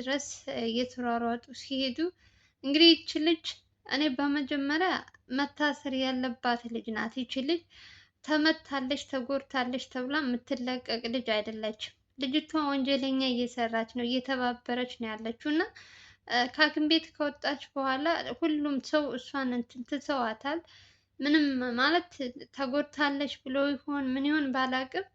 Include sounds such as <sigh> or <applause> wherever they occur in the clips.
ድረስ እየተሯሯጡ ሲሄዱ እንግዲህ ይቺ ልጅ እኔ በመጀመሪያ መታሰር ያለባት ልጅ ናት። ይቺ ልጅ ተመታለች፣ ተጎድታለች ተብላ የምትለቀቅ ልጅ አይደለችም። ልጅቷ ወንጀለኛ እየሰራች ነው፣ እየተባበረች ነው ያለችው እና ከሐኪም ቤት ከወጣች በኋላ ሁሉም ሰው እሷን እንትን ትተዋታል። ምንም ማለት ተጎድታለች ብሎ ይሆን ምን ይሆን ባላቅም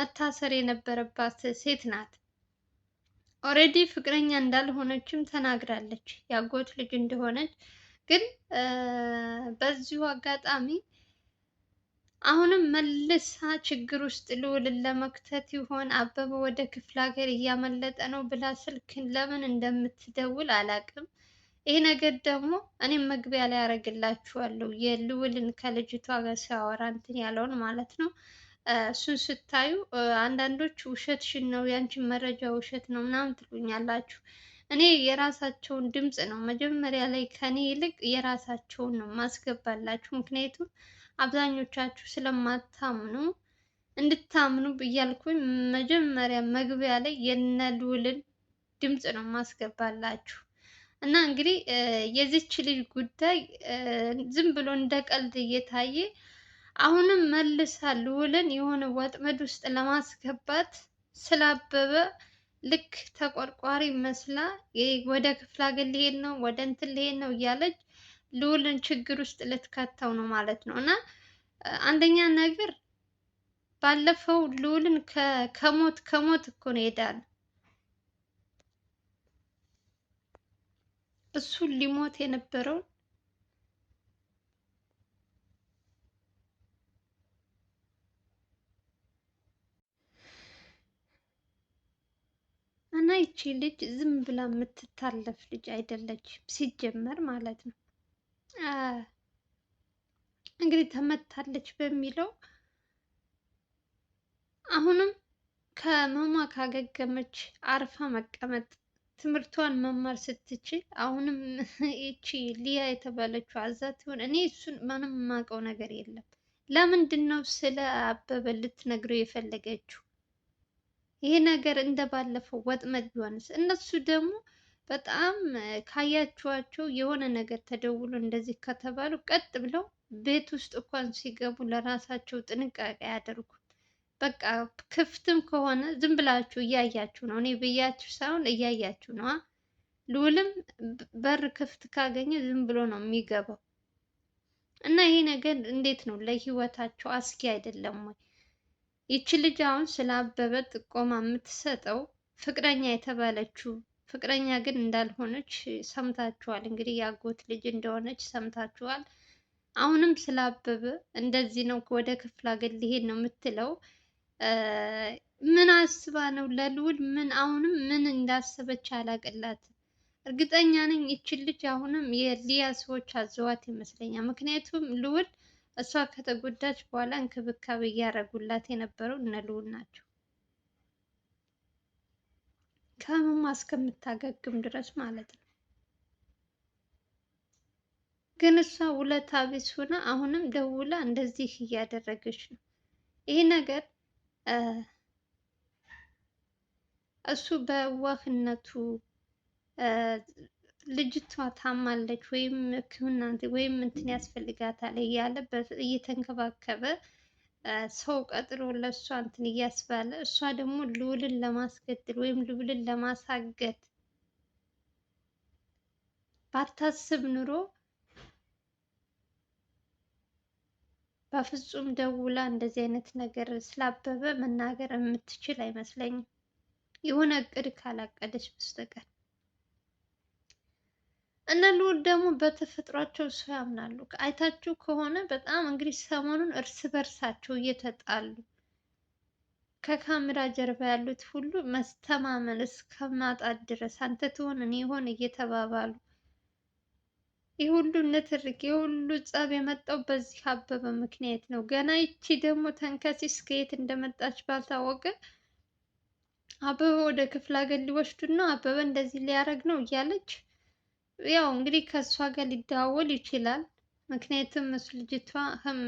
መታሰር የነበረባት ሴት ናት። ኦልሬዲ ፍቅረኛ እንዳልሆነችም ተናግራለች፣ ያጎት ልጅ እንደሆነች። ግን በዚሁ አጋጣሚ አሁንም መልሳ ችግር ውስጥ ልውልን ለመክተት ይሆን አበበ ወደ ክፍለ ሀገር እያመለጠ ነው ብላ ስልክን ለምን እንደምትደውል አላውቅም። ይሄ ነገር ደግሞ እኔም መግቢያ ላይ ያደርግላችኋለሁ የልውልን ከልጅቷ ጋር ሲያወራ እንትን ያለውን ማለት ነው። እሱን ስታዩ አንዳንዶች ውሸትሽን ነው ያንቺን መረጃ ውሸት ነው ምናምን ትሉኛላችሁ። እኔ የራሳቸውን ድምፅ ነው መጀመሪያ ላይ ከኔ ይልቅ የራሳቸውን ነው ማስገባላችሁ። ምክንያቱም አብዛኞቻችሁ ስለማታምኑ እንድታምኑ ብያልኩኝ መጀመሪያ መግቢያ ላይ የነ ድምፅ ነው ማስገባላችሁ። እና እንግዲህ የዚች ልጅ ጉዳይ ዝም ብሎ እንደ ቀልድ እየታየ አሁንም መልሳ ልዑልን የሆነ ወጥመድ ውስጥ ለማስገባት ስላበበ ልክ ተቆርቋሪ መስላ ወደ ክፍለ ሀገር ልሄድ ነው ወደ እንትን ሊሄድ ነው እያለች ልውልን ችግር ውስጥ ልትከተው ነው ማለት ነው። እና አንደኛ ነገር ባለፈው ልውልን ከሞት ከሞት እኮ ነው ይሄዳል። እሱ ሊሞት የነበረውን እና ይቺ ልጅ ዝም ብላ የምትታለፍ ልጅ አይደለችም፣ ሲጀመር ማለት ነው። እንግዲህ ተመታለች በሚለው አሁንም ከመማ ካገገመች አርፋ መቀመጥ ትምህርቷን መማር ስትችል አሁንም <laughs> ይቺ ሊያ የተባለችው አዛት ይሆን? እኔ እሱን ምንም የማውቀው ነገር የለም። ለምንድን ነው ስለ አበበ ልትነግረው የፈለገችው? ይሄ ነገር እንደባለፈው ወጥመድ ቢሆንስ? እነሱ ደግሞ በጣም ካያችኋቸው የሆነ ነገር ተደውሎ እንደዚህ ከተባሉ ቀጥ ብለው ቤት ውስጥ እንኳን ሲገቡ ለራሳቸው ጥንቃቄ ያደርጉ። በቃ ክፍትም ከሆነ ዝም ብላችሁ እያያችሁ ነው። እኔ ብያችሁ ሳይሆን እያያችሁ ነው። ልውልም በር ክፍት ካገኘ ዝም ብሎ ነው የሚገባው እና ይሄ ነገር እንዴት ነው ለህይወታቸው አስጊ አይደለም ወይ? ይቺ ልጅ አሁን ስለ አበበ ጥቆማ የምትሰጠው ፍቅረኛ የተባለችው ፍቅረኛ ግን እንዳልሆነች ሰምታችኋል። እንግዲህ ያጎት ልጅ እንደሆነች ሰምታችኋል። አሁንም ስለ አበበ እንደዚህ ነው ወደ ክፍለ ሀገር ሊሄድ ነው የምትለው። ምን አስባ ነው ለልውል? ምን አሁንም ምን እንዳሰበች አላቅላት። እርግጠኛ ነኝ ይቺ ልጅ አሁንም የሊያ ሰዎች አዘዋት ይመስለኛል። ምክንያቱም ልውል እሷ ከተጎዳች በኋላ እንክብካቤ እያደረጉላት የነበረው እነ ልዑል ናቸው። ከህመማ እስከምታገግም ድረስ ማለት ነው። ግን እሷ ውለታ ቢስ ሆና አሁንም ደውላ እንደዚህ እያደረገች ነው። ይህ ነገር እሱ በዋህነቱ ልጅቷ ታማለች ወይም ሕክምና ወይም እንትን ያስፈልጋታል እያለ እየተንከባከበ ሰው ቀጥሮ ለእሷ እንትን እያስባለ እሷ ደግሞ ልዑልን ለማስገደል ወይም ልዑልን ለማሳገድ ባታስብ ኑሮ በፍጹም ደውላ እንደዚህ አይነት ነገር ስላበበ መናገር የምትችል አይመስለኝም። የሆነ እቅድ ካላቀደች በስተቀር እነ ልዑል ደግሞ በተፈጥሯቸው ሰው ያምናሉ። አይታችሁ ከሆነ በጣም እንግዲህ ሰሞኑን እርስ በርሳቸው እየተጣሉ ከካሜራ ጀርባ ያሉት ሁሉ መስተማመን እስከ ማጣት ድረስ አንተ ትሆን እኔ ይሆን እየተባባሉ ይህ ሁሉ ንትርክ ይህ ሁሉ ጸብ የመጣው በዚህ አበበ ምክንያት ነው። ገና ይቺ ደግሞ ተንከሲስ ከየት እንደመጣች ባልታወቀ አበበ ወደ ክፍለ ሀገር ሊወስዱና አበበ እንደዚህ ሊያደርግ ነው እያለች ያው እንግዲህ ከእሷ ጋር ሊደዋወል ይችላል። ምክንያቱም እሱ ልጅቷ ህም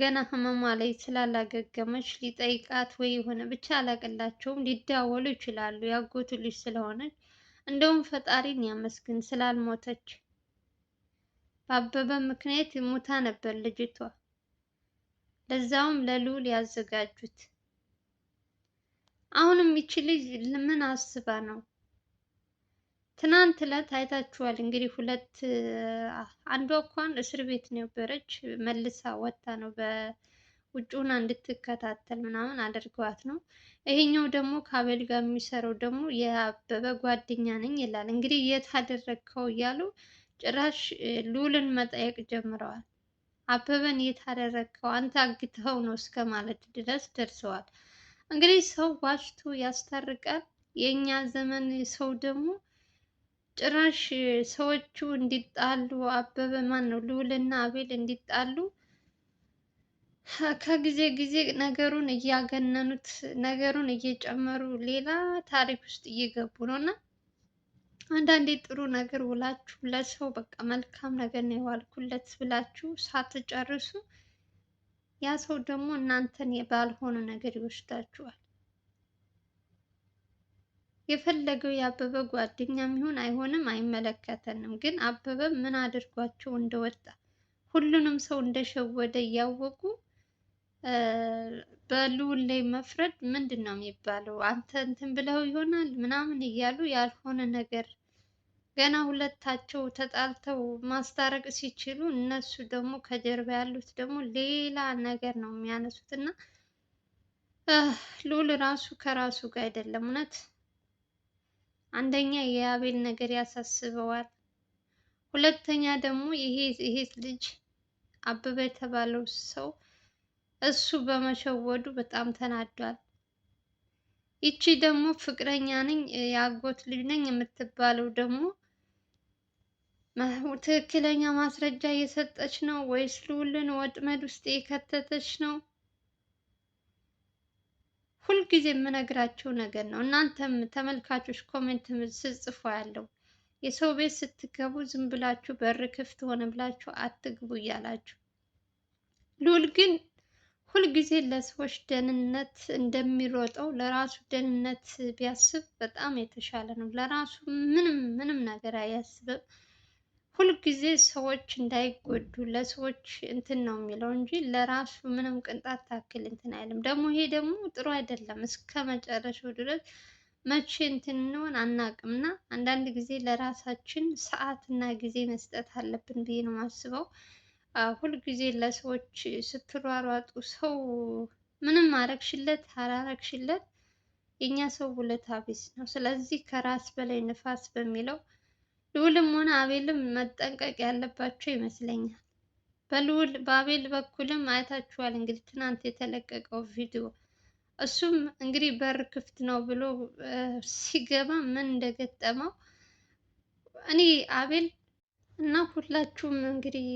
ገና ህመሟ ላይ ስላላገገመች ሊጠይቃት ወይ የሆነ ብቻ አላቅላቸውም ሊደዋወሉ ይችላሉ። ያጎቱ ልጅ ስለሆነች እንደውም ፈጣሪን ያመስግን ስላልሞተች። በአበበ ምክንያት ሙታ ነበር ልጅቷ። ለዛውም ለልዑል ያዘጋጁት። አሁንም ይቺ ልጅ ምን አስባ ነው ትናንት ዕለት አይታችኋል እንግዲህ ሁለት አንዷ እንኳን እስር ቤት ነበረች፣ መልሳ ወጥታ ነው በውጭ ሆና እንድትከታተል ምናምን አድርገዋት ነው። ይሄኛው ደግሞ ከአቤል ጋር የሚሰራው ደግሞ የአበበ ጓደኛ ነኝ ይላል። እንግዲህ የት አደረግከው እያሉ ጭራሽ ሉልን መጠየቅ ጀምረዋል። አበበን የት አደረግከው አንተ አግተኸው ነው እስከ ማለት ድረስ ደርሰዋል። እንግዲህ ሰው ዋሽቶ ያስታርቃል። የእኛ ዘመን ሰው ደግሞ ጭራሽ ሰዎቹ እንዲጣሉ አበበ ማን ነው ልዑልና አቤል እንዲጣሉ ከጊዜ ጊዜ ነገሩን እያገነኑት ነገሩን እየጨመሩ ሌላ ታሪክ ውስጥ እየገቡ ነው እና አንዳንዴ ጥሩ ነገር ውላችሁ ለሰው በቃ መልካም ነገር ነው የዋልኩለት ብላችሁ ሳትጨርሱ ያ ሰው ደግሞ እናንተን ባልሆነ ነገር ይወስዳችኋል። የፈለገው የአበበ ጓደኛም ይሁን አይሆንም አይመለከተንም። ግን አበበ ምን አድርጓቸው እንደወጣ ሁሉንም ሰው እንደሸወደ እያወቁ በልዑል ላይ መፍረድ ምንድን ነው የሚባለው? አንተ እንትን ብለው ይሆናል ምናምን እያሉ ያልሆነ ነገር ገና ሁለታቸው ተጣልተው ማስታረቅ ሲችሉ እነሱ ደግሞ ከጀርባ ያሉት ደግሞ ሌላ ነገር ነው የሚያነሱት እና ልዑል ራሱ ከራሱ ጋር አይደለም እውነት አንደኛ የአቤል ነገር ያሳስበዋል። ሁለተኛ ደግሞ ይሄ ይሄ ልጅ አበበ የተባለው ሰው እሱ በመሸወዱ በጣም ተናዷል። ይቺ ደግሞ ፍቅረኛ ነኝ የአጎት ልጅ ነኝ የምትባለው ደግሞ ትክክለኛ ማስረጃ እየሰጠች ነው ወይስ ልውልን ወጥመድ ውስጥ እየከተተች ነው? ሁልጊዜ የምነግራቸው ነገር ነው። እናንተም ተመልካቾች ኮሜንት ስጽፎ ያለው የሰው ቤት ስትገቡ ዝም ብላችሁ በር ክፍት ሆነ ብላችሁ አትግቡ እያላችሁ ሉል ግን ሁልጊዜ ለሰዎች ደህንነት እንደሚሮጠው ለራሱ ደህንነት ቢያስብ በጣም የተሻለ ነው። ለራሱ ምንም ምንም ነገር አያስብም። ሁልጊዜ ሰዎች እንዳይጎዱ ለሰዎች እንትን ነው የሚለው እንጂ ለራሱ ምንም ቅንጣት ታክል እንትን አይልም። ደግሞ ይሄ ደግሞ ጥሩ አይደለም። እስከ መጨረሻው ድረስ መቼ እንትን እንሆን አናውቅም እና አንዳንድ ጊዜ ለራሳችን ሰዓት እና ጊዜ መስጠት አለብን ብዬ ነው የማስበው። ሁልጊዜ ለሰዎች ስትሯሯጡ ሰው ምንም አረግሽለት አላረግሽለት የእኛ ሰው ውለታ ቢስ ነው። ስለዚህ ከራስ በላይ ንፋስ በሚለው ልዑልም ሆነ አቤልም መጠንቀቅ ያለባቸው ይመስለኛል። በልዑል በአቤል በኩልም አይታችኋል እንግዲህ ትናንት የተለቀቀው ቪዲዮ። እሱም እንግዲህ በር ክፍት ነው ብሎ ሲገባ ምን እንደገጠመው እኔ አቤል እና ሁላችሁም እንግዲህ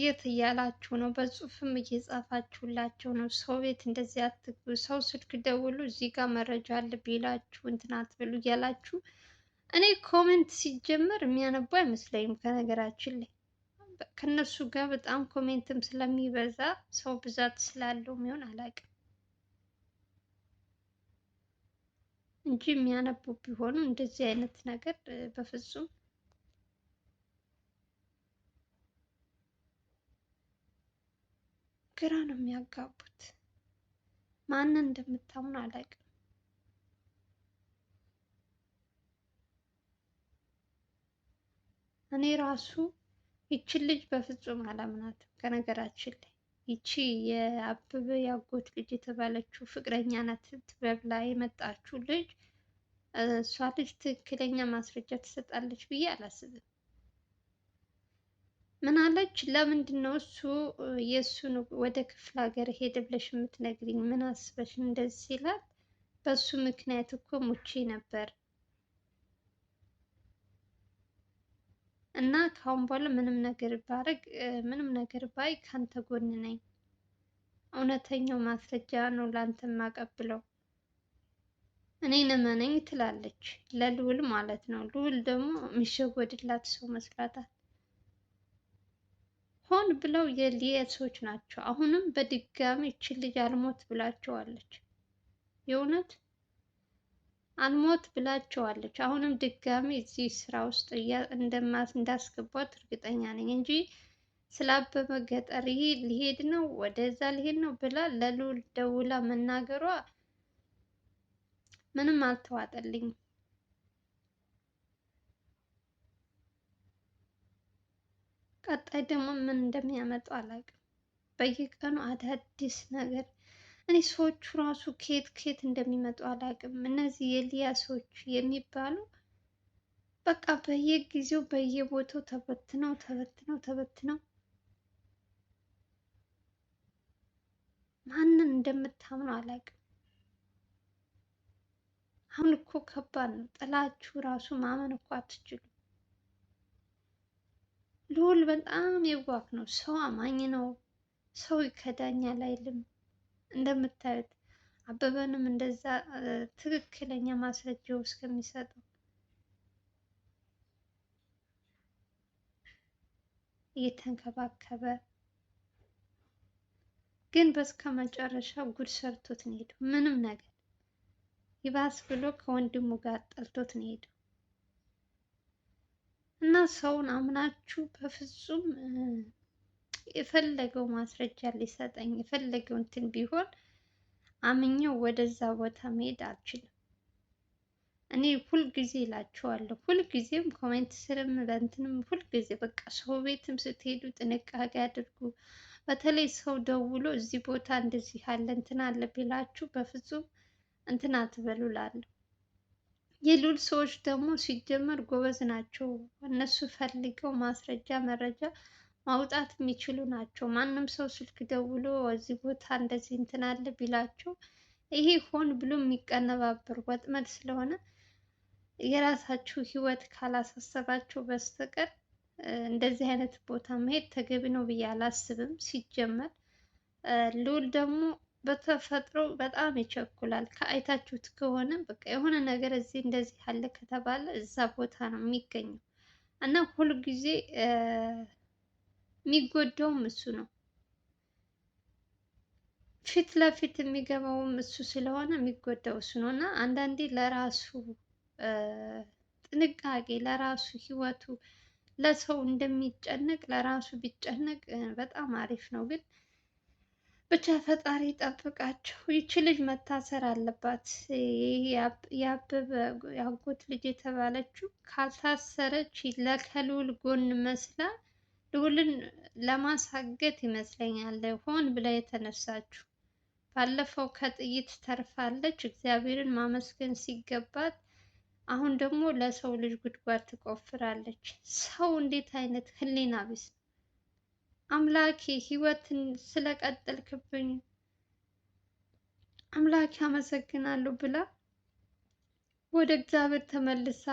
የት እያላችሁ ነው? በጽሁፍም እየጻፋችሁላቸው ነው። ሰው ቤት እንደዚህ አትግቡ፣ ሰው ስልክ ደውሉ፣ እዚህ ጋር መረጃ አለ ቢላችሁ እንትን አትበሉ እያላችሁ እኔ ኮሜንት ሲጀመር የሚያነቡ አይመስለኝም። ከነገራችን ላይ ከነሱ ጋር በጣም ኮሜንትም ስለሚበዛ ሰው ብዛት ስላለው የሚሆን አላውቅም እንጂ የሚያነቡ ቢሆኑ እንደዚህ አይነት ነገር በፍጹም ግራ ነው የሚያጋቡት። ማንን እንደምታምኑ አላውቅም። እኔ ራሱ ይችን ልጅ በፍጹም አላምናትም። ከነገራችን ላይ ይቺ የአበበ ያጎት ልጅ የተባለችው ፍቅረኛ ናት ትበብላ የመጣችው ልጅ እሷ ልጅ ትክክለኛ ማስረጃ ትሰጣለች ብዬ አላስብም። ምን አለች? ለምንድን ነው እሱ የእሱን ወደ ክፍለ ሀገር ሄደ ብለሽ የምትነግሪኝ? ምን አስበሽ እንደዚህ ይላል። በሱ ምክንያት እኮ ሙቼ ነበር እና ካሁን በኋላ ምንም ነገር ባረግ ምንም ነገር ባይ ካንተ ጎን ነኝ። እውነተኛው ማስረጃ ነው ላንተ የማቀብለው እኔን እመነኝ ትላለች፣ ለልዑል ማለት ነው። ልዑል ደግሞ የሚሸወድላት ሰው መስላታል። ሆን ብለው የሊያ ሰዎች ናቸው። አሁንም በድጋሚ ይቺ ልጅ አልሞት ብላቸዋለች የእውነት አልሞት ብላቸዋለች። አሁንም ድጋሚ እዚህ ስራ ውስጥ እንዳስገቧት እርግጠኛ ነኝ እንጂ ስለ አበበ ገጠር ሊሄድ ነው ወደዛ ሊሄድ ነው ብላ ለልዑል ደውላ መናገሯ ምንም አልተዋጠልኝም። ቀጣይ ደግሞ ምን እንደሚያመጣው አላውቅም። በየቀኑ አዳዲስ ነገር እኔ ሰዎቹ ራሱ ከየት ከየት እንደሚመጡ አላውቅም። እነዚህ የሊያ ሰዎች የሚባሉ በቃ በየጊዜው በየቦታው ተበትነው ተበትነው ተበትነው ማንን እንደምታምኑ አላውቅም። አሁን እኮ ከባድ ነው። ጥላችሁ ራሱ ማመን እኮ አትችሉ ልዑል በጣም የዋክ ነው። ሰው አማኝ ነው። ሰው ይከዳኛል አይልም። እንደምታዩት አበበንም እንደዛ ትክክለኛ ማስረጃው እስከሚሰጠው እየተንከባከበ ግን በስከ መጨረሻ ጉድ ሰርቶት ነው የሄደው። ምንም ነገር ይባስ ብሎ ከወንድሙ ጋር ጠልቶት ነው የሄደው እና ሰውን አምናችሁ በፍጹም የፈለገው ማስረጃ ሊሰጠኝ የፈለገው እንትን ቢሆን አምኜው ወደዛ ቦታ መሄድ አልችልም። እኔ ሁልጊዜ እላችኋለሁ፣ ሁልጊዜም ኮሜንት ስርም በእንትንም ሁልጊዜ በቃ ሰው ቤትም ስትሄዱ ጥንቃቄ አድርጉ። በተለይ ሰው ደውሎ እዚህ ቦታ እንደዚህ ያለ እንትን አለ ቢላችሁ በፍጹም እንትን አትበሉ እላለሁ። የሉል ሰዎች ደግሞ ሲጀመር ጎበዝ ናቸው። እነሱ ፈልገው ማስረጃ መረጃ ማውጣት የሚችሉ ናቸው። ማንም ሰው ስልክ ደውሎ እዚህ ቦታ እንደዚህ እንትን አለ ቢላቸው ይሄ ሆን ብሎ የሚቀነባበር ወጥመድ ስለሆነ የራሳችሁ ህይወት ካላሳሰባቸው በስተቀር እንደዚህ አይነት ቦታ መሄድ ተገቢ ነው ብዬ አላስብም። ሲጀመር ልዑል ደግሞ በተፈጥሮ በጣም ይቸኩላል። ከአይታችሁት ከሆነ በቃ የሆነ ነገር እዚህ እንደዚህ አለ ከተባለ እዛ ቦታ ነው የሚገኘው እና ሁልጊዜ የሚጎዳውም እሱ ነው። ፊት ለፊት የሚገባውም እሱ ስለሆነ የሚጎዳው እሱ ነው እና አንዳንዴ ለራሱ ጥንቃቄ ለራሱ ህይወቱ ለሰው እንደሚጨነቅ ለራሱ ቢጨነቅ በጣም አሪፍ ነው። ግን ብቻ ፈጣሪ ጠብቃቸው። ይቺ ልጅ መታሰር አለባት። የአበበ ያጎት ልጅ የተባለችው ካልታሰረች ለከልውል ጎን መስላ ልዑልን ለማሳገት ይመስለኛል ሆን ብላ የተነሳችው። ባለፈው ከጥይት ተርፋለች፣ እግዚአብሔርን ማመስገን ሲገባት አሁን ደግሞ ለሰው ልጅ ጉድጓድ ትቆፍራለች። ሰው እንዴት አይነት ህሊና ቢስ ነው! አምላኬ ህይወትን ስለቀጠልክብኝ አምላኬ አመሰግናለሁ ብላ ወደ እግዚአብሔር ተመልሳ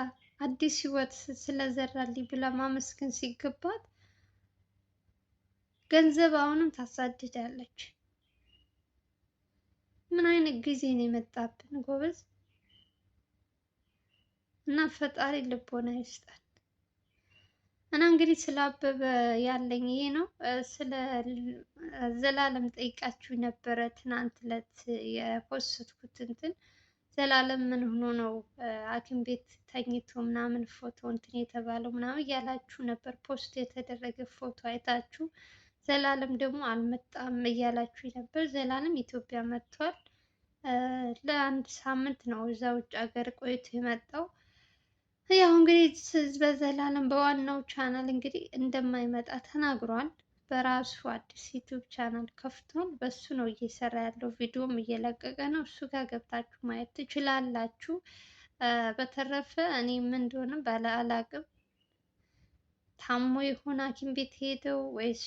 አዲስ ህይወት ስለዘራልኝ ብላ ማመስገን ሲገባት ገንዘብ አሁንም ታሳድዳለች። ምን አይነት ጊዜ ነው የመጣብን ጎበዝ? እና ፈጣሪ ልቦና ይስጣል። እና እንግዲህ ስለ አበበ ያለኝ ይሄ ነው። ስለ ዘላለም ጠይቃችሁ ነበረ ትናንት ዕለት የፖስትኩት እንትን ዘላለም ምን ሆኖ ነው ሐኪም ቤት ተኝቶ ምናምን ፎቶ እንትን የተባለው ምናምን እያላችሁ ነበር። ፖስት የተደረገ ፎቶ አይታችሁ ዘላለም ደግሞ አልመጣም እያላችሁ ነበር። ዘላለም ኢትዮጵያ መጥቷል። ለአንድ ሳምንት ነው እዛ ውጭ ሀገር ቆይቶ የመጣው። ያው እንግዲህ በዘላለም በዋናው ቻናል እንግዲህ እንደማይመጣ ተናግሯል። በራሱ አዲስ ዩቱብ ቻናል ከፍቷል። በሱ ነው እየሰራ ያለው፣ ቪዲዮም እየለቀቀ ነው። እሱ ጋር ገብታችሁ ማየት ትችላላችሁ። በተረፈ እኔ ምን እንደሆነ ባለ አላቅም ታሞ ይሆን ሐኪም ቤት ሄደው ወይስ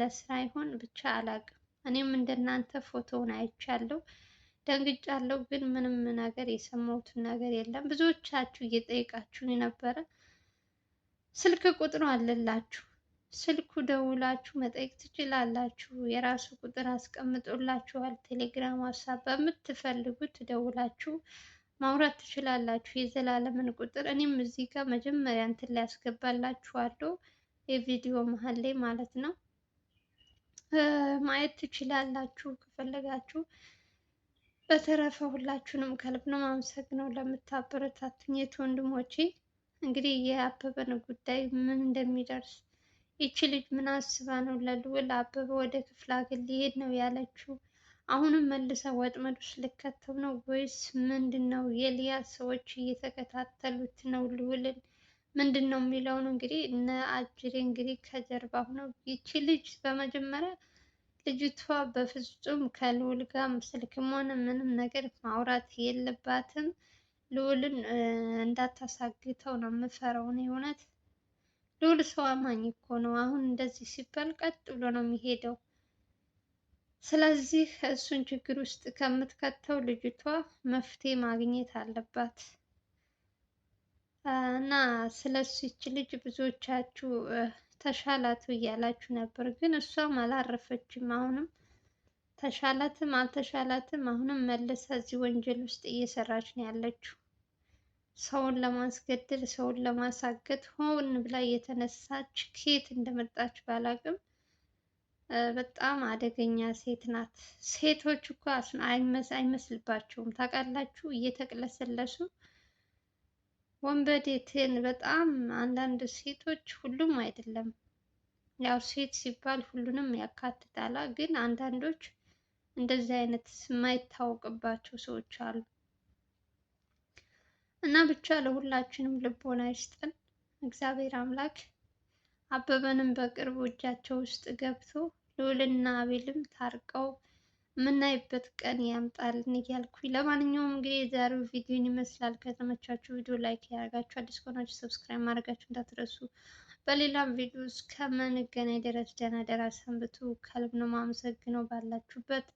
ለስራ ይሆን ብቻ አላውቅም። እኔም እንደናንተ ፎቶውን አይቻለሁ ደንግጫለሁ፣ ግን ምንም ነገር የሰማሁትን ነገር የለም። ብዙዎቻችሁ እየጠየቃችሁኝ ነበረ። ስልክ ቁጥሩ አለላችሁ። ስልኩ ደውላችሁ መጠየቅ ትችላላችሁ። የራሱ ቁጥር አስቀምጦላችኋል። ቴሌግራም፣ ዋትሳፕ በምትፈልጉት ደውላችሁ ማውራት ትችላላችሁ። የዘላለምን ቁጥር እኔም እዚህ ጋር መጀመሪያ እንትን ላይ ያስገባላችኋለሁ የቪዲዮ መሀል ላይ ማለት ነው። ማየት ትችላላችሁ ከፈለጋችሁ። በተረፈ ሁላችሁንም ከልብ ነው ማመሰግነው ለምታበረታቱኝ የት ወንድሞቼ። እንግዲህ የአበበን ጉዳይ ምን እንደሚደርስ ይቺ ልጅ ምን አስባ ነው ለልውል አበበ ወደ ክፍለ ሀገር ሊሄድ ነው ያለችው አሁንም መልሰ ወጥመድ ውስጥ ልከተው ነው ወይስ ምንድን ነው? የሊያ ሰዎች እየተከታተሉት ነው ልውልን ምንድን ነው የሚለውን እንግዲህ እነ አጅሬ እንግዲህ ከጀርባ ሁነው ይቺ ልጅ በመጀመሪያ ልጅቷ በፍጹም ከልዑል ጋር ስልክም ሆነ ምንም ነገር ማውራት የለባትም። ልዑልን እንዳታሳግተው ነው እኔ እውነት ልዑል ሰው አማኝ እኮ ነው። አሁን እንደዚህ ሲባል ቀጥ ብሎ ነው የሚሄደው። ስለዚህ እሱን ችግር ውስጥ ከምትከተው ልጅቷ መፍትሄ ማግኘት አለባት። እና ስለዚች ልጅ ብዙዎቻችሁ ተሻላት እያላችሁ ነበር፣ ግን እሷም አላረፈችም። አሁንም ተሻላትም አልተሻላትም አሁንም መለሳ እዚህ ወንጀል ውስጥ እየሰራች ነው ያለችው። ሰውን ለማስገደል ሰውን ለማሳገት ሆን ብላ የተነሳች ከየት እንደመጣች ባላቅም በጣም አደገኛ ሴት ናት። ሴቶች እኮ አይመስልባቸውም ታውቃላችሁ፣ እየተቅለሰለሱ ወንበዴትን በጣም አንዳንድ ሴቶች፣ ሁሉም አይደለም ያው ሴት ሲባል ሁሉንም ያካትታል። ግን አንዳንዶች እንደዚህ አይነት የማይታወቅባቸው ሰዎች አሉ። እና ብቻ ለሁላችንም ልቦና ይስጠን እግዚአብሔር አምላክ። አበበንም በቅርቡ እጃቸው ውስጥ ገብቶ ልዑልና አቤልም ታርቀው የምናይበት ቀን ያምጣልን እያልኩኝ ለማንኛውም እንግዲህ የዛሬው ቪዲዮን ይመስላል። ከተመቻችሁ ቪዲዮ ላይክ ያደርጋችሁ፣ አዲስ ከሆናችሁ ሰብስክራይብ ማድረጋችሁ እንዳትረሱ። በሌላም ቪዲዮ እስከምንገናኝ ድረስ ደህና ደራ ሰንብቱ። ከልብ ነው የማመሰግነው። ባላችሁበት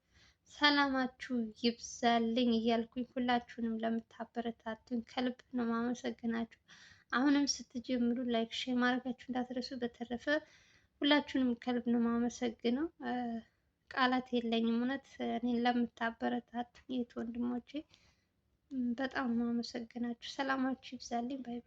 ሰላማችሁ ይብዛልኝ እያልኩኝ ሁላችሁንም ለምታበረታቱኝ ከልብ ነው የማመሰግናችሁ። አሁንም ስትጀምሩ ላይክ ሼር ማድረጋችሁ እንዳትረሱ። በተረፈ ሁላችሁንም ከልብ ነው የማመሰግነው። ቃላት የለኝም። እውነት እኔን ለምታበረታቱኝ እህት ወንድሞቼ በጣም ነው የማመሰግናችሁ። ሰላማችሁ ይብዛልኝ ባይ